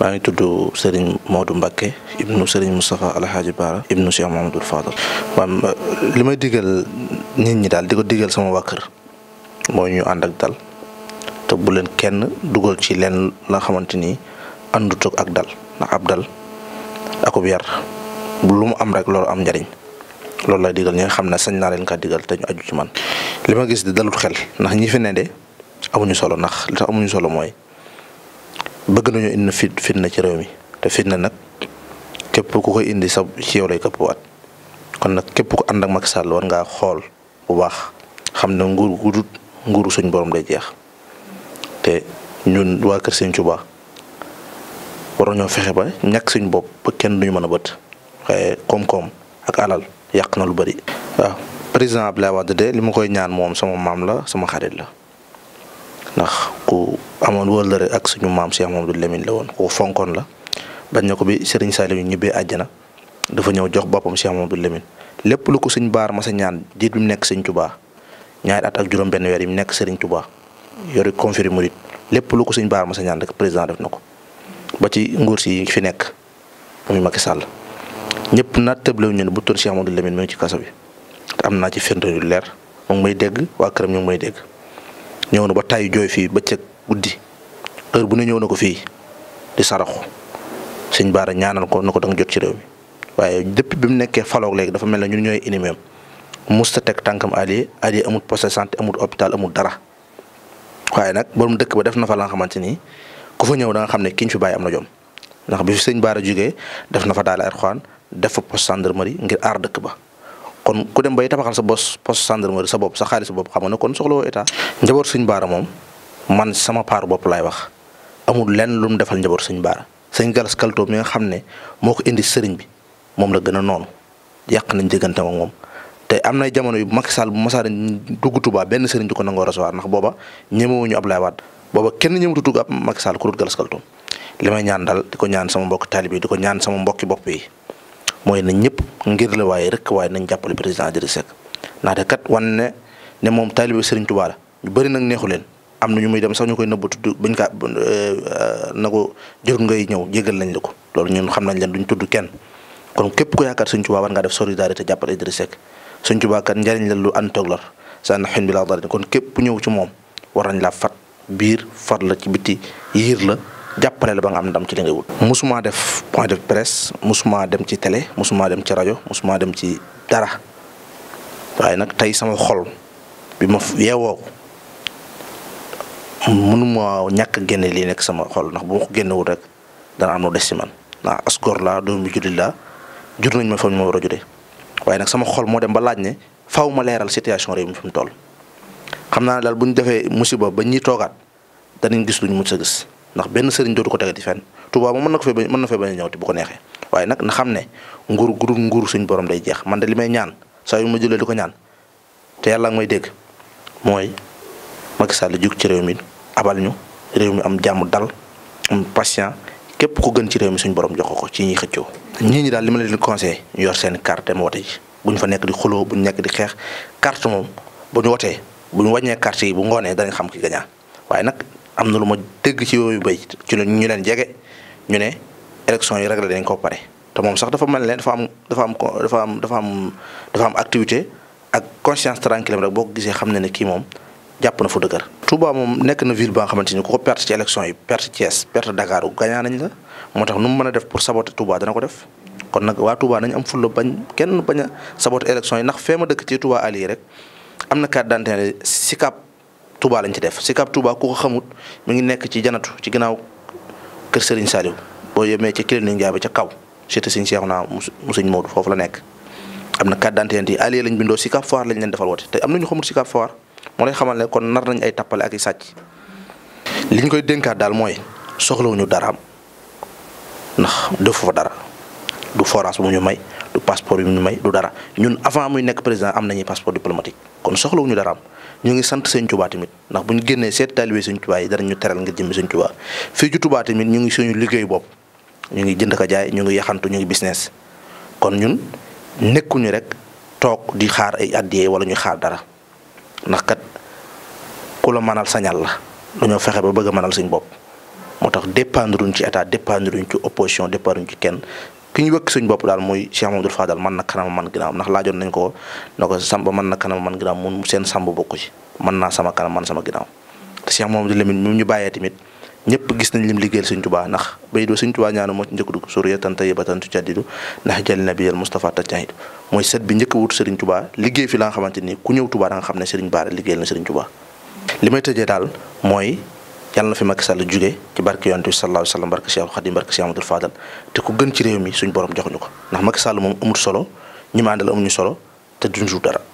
maa ngi tudd Serigne moodu mbakke ibnu Serigne Moustapha Alhaji Bara ibnu Cheikh Mamadou Fadal maam euh, li may digal nit ñi daal di ko digal sama waa kër mooy ñu ànd ak dal te bu leen kenn dugal ci leen la xamante ni àndutug ak dal ndax ab dal akub yar bu lu mu am rek loolu am njariñ loolu lay digal ñi xam ne sañ naa leen ka digal te ñu aju ci man li ma gis di dalut xel ndax ñi fi de amuñu solo ndax li tax amuñu solo mooy bëgg nañu indi fit fitna ci réew mi te fitna nag képp ku koy indi sa ci yow lay waat kon nag képp ku ànd ak Macky Sall ngaa xool bu baax xam ne nguur gu dut nguuru suñ borom day jeex te ñun waa Kër Sëñ Tuubaa waroon ñoo fexe ba ñàkk suñ bopp ba kenn duñu mën a bët waaye koom-koom ak alal yàq na lu bari. waaw président Abdoulaye Wade de li ma koy ñaan moom sama maam la sama xarit la. ndax ku amoon wëllëre ak suñu maam Cheikh Mamadou Lamine la woon ku fonkoon la bañ ne ko bi Serigne Saliou ñu ñibbee àjjana dafa ñëw jox boppam Cheikh Mamadou Lamine lépp lu ko suñ baar ma sa ñaan jiit bi mu nekk Serigne Touba ñaari at ak juróom benn weer yi mu nekk Serigne Touba yori confrérie mouride lépp lu ko suñ baar ma sa ñaan rek président def na ko ba ci nguur si fi nekk muy Macky Sall ñëpp na tëblewu ñu ne bu tur Cheikh Mamadou Lamine mi ngi ci kaso bi te am naa ci firnde yu leer mu ngi may dégg waa këram ñu ngi may dégg ñëw na ba tàyyi jooy fii ba bëccëg guddi heure bu ne ñëw na ko fii di saraxu sëñ Baara ñaanal ko na ko danga jot ci réew mi waaye depuis bi mu nekkee faloog léegi dafa mel ne ñun ñooy ennemi am musta teg tànkam Aliou Aliou amul poste de santé amul hôpital amul dara waaye nag mu dëkk ba def na fa la nga xamante ni ku fa ñëw da nga xam ne kiñ fi bàyyi am na jom ndax bi fi sëñ Baara jógee def na fa daal Alxuraan def fa poste gendarmerie ngir aar dëkk ba. kon ku dem bay tabaxal sa bos poste gendarmerie sa bopp sa xaalis bopp xam nga ne kon soxlawoo état. njaboot sëñ baara moom man sama paar bopp laay wax amul lenn lu mu defal njaboot sëñ baara sëñ galas kalto mi nga xam ne moo ko indi sëriñ bi moom la gën a noonu yàq nañ diggante ak moom. te am na jamono yu Macky Sall bu masaara dugg Touba benn sëriñ du ko nangoo recevoir ndax booba ñemewuñu Ablaye Wade booba kenn ñëwatu tugg ab Macky Sall ku dul galas kalto li may ñaan dal di ko ñaan sama mbokk taalibe yi di ko ñaan sama mbokki bopp yi mooy nañ ñëpp ngir la waaye rek waaye nañ jàppale président Idrissa Seck ndaxte kat wan ne ne moom taalibe Serigne Touba la ñu bëri nag neexu leen am na ñu muy dem sax ñu koy nëbb tudd bañ kaa euh, euh, na ko jërul ngay ñëw jégal nañ la ko loolu ñun xam nañ leen duñ tudd kenn kon képp ku yaakaar Serigne Touba war ngaa def solidarité jàppale Idrissa Seck Serigne Touba kat njariñ la lu ànd toog lor sa na xen bi laa dara kon képp ñëw ci moom war nañ laa fat biir far la ci biti yiir la jàppale la ba nga am ndam ci li ngay wut. musuma def point de presse musuma dem ci télé musuma dem ci rajo musuma dem ci dara waaye nag tey sama xol bi ma yeewoo ko mënuma ñàkk génne lii nekk sama xol ndax bu ma ko rek dana am lu des ci man ndax asgor laa doomu jullit laa jur nañ ma fa ñu ma war a jure waaye nag sama xol moo dem ba laaj ne faaw ma leeral situation rek mi fi mu toll xam naa ne daal bu ñu defee musiba ba ñuy toogaat danañ gis luñ mës a gis. ndax benn sëriñ dootu ko tegati fenn Touba moom mën na ko fee bañ mën na bu ko neexee waaye nag na xam ne nguur gudul nguur suñ borom day jeex man de li may ñaan saa yu ma jëlee di ko ñaan te yàlla may dégg mooy Macky Sall jug ci réew mi abal ñu réew mi am jàmm dal am patient képp ko gën ci réew mi suñ borom jox ko ci ñuy xëccoo. ñii ñi daal li ma leen di conseillé yor seen carte dem wote ji bu fa nekk di xuloo bu ñu nekk di xeex carte moom bu ñu wotee bu ñu wàññee carte yi bu ngoonee danañ xam ki gañaa waaye nag am na lu ma dégg ci yooyu bay ci la ñu leen jege ñu ne élection yi réglé dañ ko pare te moom sax dafa mel ne dafa am dafa am dafa am dafa am dafa am activité ak conscience tranquille rek boo gisee xam ne ne kii moom jàpp na fu dëgër. Touba moom nekk na ville ba nga xamante ni ko perte ci élection yi perte Thiès perte Dakar gañaa nañ la moo tax nu mu mën def pour saboter tuba dana ko def. kon nag waa Touba nañu am fulla bañ kenn bañ a saboter élection yi ndax fee ma dëkk ci Touba Aliou rek am na carte d'identité Sicap Touba lañ ci def Sicap Touba ku ko xamut mi ngi nekk ci janatu ci ginnaaw kër Serigne Saliou boo yemee ci clinique Ndiaye ba ca kaw cité Serigne Cheikhouna mu Serigne Modou foofu la nekk. am na carte d'identité yi lañ bindoo Sicap Foire lañ leen defal woote te am na ñu xamut Sicap Foire moo lay xamal ne kon nar nañ ay tappale ak i sàcc li ñu koy dénkaat daal mooy soxlawuñu daraam ndax defu fa dara du forage bu ñu may du passeport bi mu ñu may du dara ñun avant muy nekk président am nañuy passeport diplomatique kon soxlawuñu daraam. ñu ngi sant sëñ Tuubaa tamit ndax bu ñu génnee seet taalibe sëñ Tuubaa yi dara ñu teral ngir jëmmi sëñ Tuubaa fii ci Tuubaa tamit ñu ngi suñu liggéey bopp ñu ngi jënd ka jaay ñu ngi yaxantu ñu ngi business kon ñun nekkuñu rek toog di xaar ay addiyee wala ñuy xaar dara ndax kat ku la mënal sañal la dañoo fexe ba bëgg a mënal suñ bopp moo tax dépendruñ ci état dépendruñ ci opposition dépendruñ ci kenn ki ñu wëkk suñ bopp daal mooy Cheikh Mamadou Fadal man na kanam man ginnaaw ndax laajoon nañ ko na ko samba man na kanam man ginnaaw mu seen sàmb bokku ci man naa sama kanam man sama ginnaaw te Cheikh Mamadou Lamine mi ñu bàyyee tamit ñëpp gis nañ lim liggéeyal Sëñ Tuubaa ndax bay do Sëñ Tuubaa ñaanu moo ci njëkk dugg suriyatan tayyibatan tujaddidu ndax jël nabiyal Mustafa tajtahidu mooy set bi njëkk wut Sëriñ Tuubaa liggéey fi la nga xamante ni ku ñëw da nga yàlla na fi Macky Sall jugee ci barke yonent bi sallallahu alayhi wa sallam barke Cheikh Khadim barke te ku gën ci réew mi suñu borom jox ñu ko ndax Macky Sall moom amul solo ñi ma àndal amuñu solo te duñ dara.